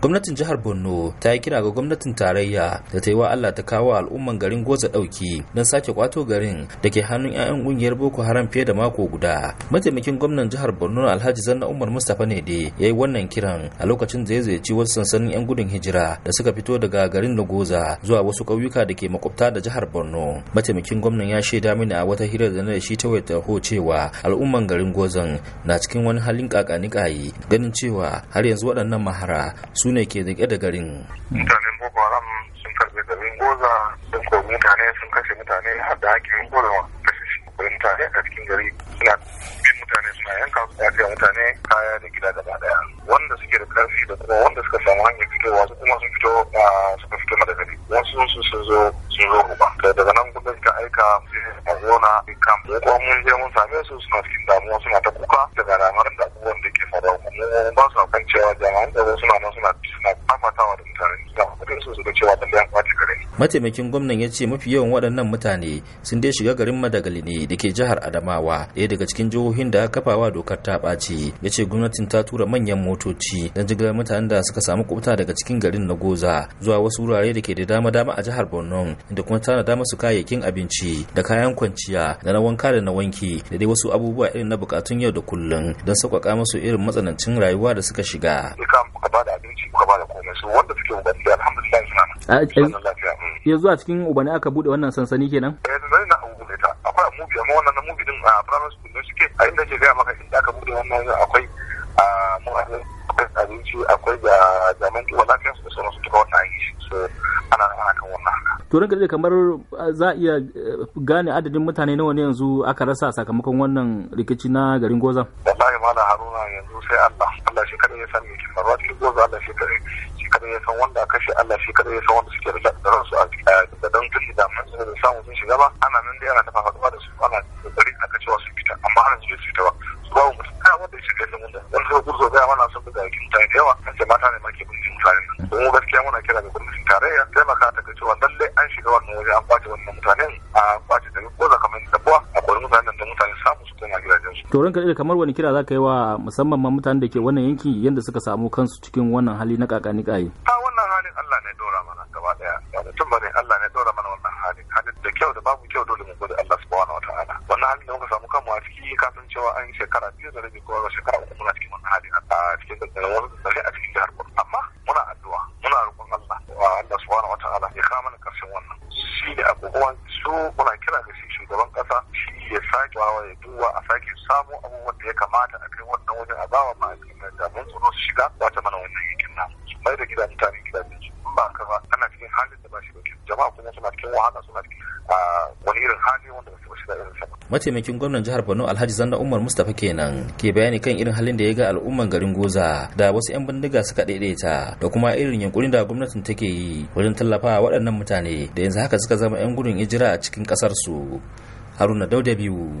gwamnatin jihar borno ta yi kira ga gwamnatin tarayya da ta yi wa allah ta kawo al'umman garin goza ɗauki don sake kwato garin da ke hannun 'ya'yan ƙungiyar boko haram fiye da mako guda mataimakin gwamnan jihar borno alhaji zanna umar mustapha ne da ya yi wannan kiran a lokacin da ya ziyarci wasu sansanin 'yan gudun hijira da suka fito daga garin na zuwa wasu ƙauyuka da ke makwabta da jihar borno mataimakin gwamnan ya shaida mini a wata hira da na da shi ta wata ho cewa al'umman garin gozan na cikin wani halin kakani ganin cewa har yanzu waɗannan mahara su ne ke rike da garin mutanen boko haram sun karbe garin goza sun kori mutane sun kashe mutane har da hakimin goza kashe shi mutane a cikin gari suna bin mutane suna yanka su da mutane kaya da gida gaba daya wanda suke da karfi da kuma wanda suka samu hanyar fitowa su kuma sun fito ah, suka fito na daga wasu sun sun zo sun zo kuma daga nan gudun ka aika a zona kam ko kuma mun je mun same su suna cikin damuwa suna ta kuka daga ramar da abubuwan da ke faruwa kuma ba su kan cewa mataimakin gwamnan ya ce mafi yawan waɗannan mutane sun dai shiga garin madagali ne da ke jihar adamawa ɗaya daga cikin jihohin da kafawa dokar ta ɓaci ya ce gwamnatin ta tura manyan motoci don jigilar mutanen da suka samu kubuta daga cikin garin na goza zuwa wasu wurare da ke da dama dama a jihar borno da kuma dama su kayayyakin abinci da kayan kwanciya da na wanka da na wanki da dai wasu abubuwa irin na bukatun yau da kullum don sauƙaƙa musu irin matsanancin rayuwa da suka shiga. Duka ba da abinci muka ba da komai su wanda suke alhamdulillah suna lafiya. ya zuwa cikin ubani aka bude wannan sansani kenan eh na abu bude ta akwai mubi amma wannan na mubi din a primary school ne suke a inda ke gaya maka inda aka bude wannan akwai a mu abinci akwai da zaman kiwon lafiya su da sauransu duka wannan an yi shi ana ana kan wannan haka to da kamar za a iya eh, gane adadin mutane nawa ne yanzu aka rasa sakamakon wannan rikici na garin Goza wallahi malam Haruna mu sai Allah Allah shi kadai ya san me ke faruwa cikin gobe Allah shi kadai shi kadai ya san wanda aka shi Allah shi kadai ya san wanda suke da su a da dan tun da mun da samu sun shiga ba ana nan dai ana ta ba da su ana kokari aka cewa su fita amma har yanzu su fita ba su ba mu ta wanda shi kadai mun da dan zo gurzo da mana sun buga kin mutane da yawa sai mata ne ma ke bin mutane mu gaskiya muna kira ga gwamnatin tarayya taimaka ta ga cewa lalle an shiga wannan waje an kwace wannan mutanen a kwace da ko kamar da kuwa a kwarin mutanen da mutane samu su koma gida to ranka da kamar wani kira zaka yi wa musamman ma mutanen da ke wannan yanki yadda suka samu kansu cikin wannan hali na kakani kaye a wannan halin Allah ne dora mana gaba daya da tun bane Allah ne dora mana wannan halin halin da kyau da babu kyau dole mu gode Allah subhanahu wataala wannan halin da muka samu kanmu a ciki ka san cewa an shekara biyu da rabi ko shekara uku muna cikin wannan halin a cikin da wannan da a cikin jihar Borno amma muna addu'a muna roƙon Allah Allah subhanahu wataala ya kawo mana karshen wannan shi da abubuwan su muna kira ga shi shugaban kasa shi ya sake wawaye duwa a sake samu abubuwan da ya kamata a kai wannan wajen a bawa ma jami'an tsaro su shiga ba ta mana wannan yankin na su mai da gidan mutane gidajen su ba ka ba ana cikin halin da ba shi dauke jama'a kuma suna cikin wahala suna cikin wani irin hali wanda ba su ba shi da irin sama. mataimakin gwamnan jihar borno alhaji zanna umar mustapha kenan ke bayani kan irin halin da ya ga al'umman garin goza da wasu 'yan bindiga suka daidaita da kuma irin yankurin da gwamnatin take yi wajen tallafawa waɗannan mutane da yanzu haka suka zama 'yan gudun hijira a cikin ƙasar su haruna dauda biyu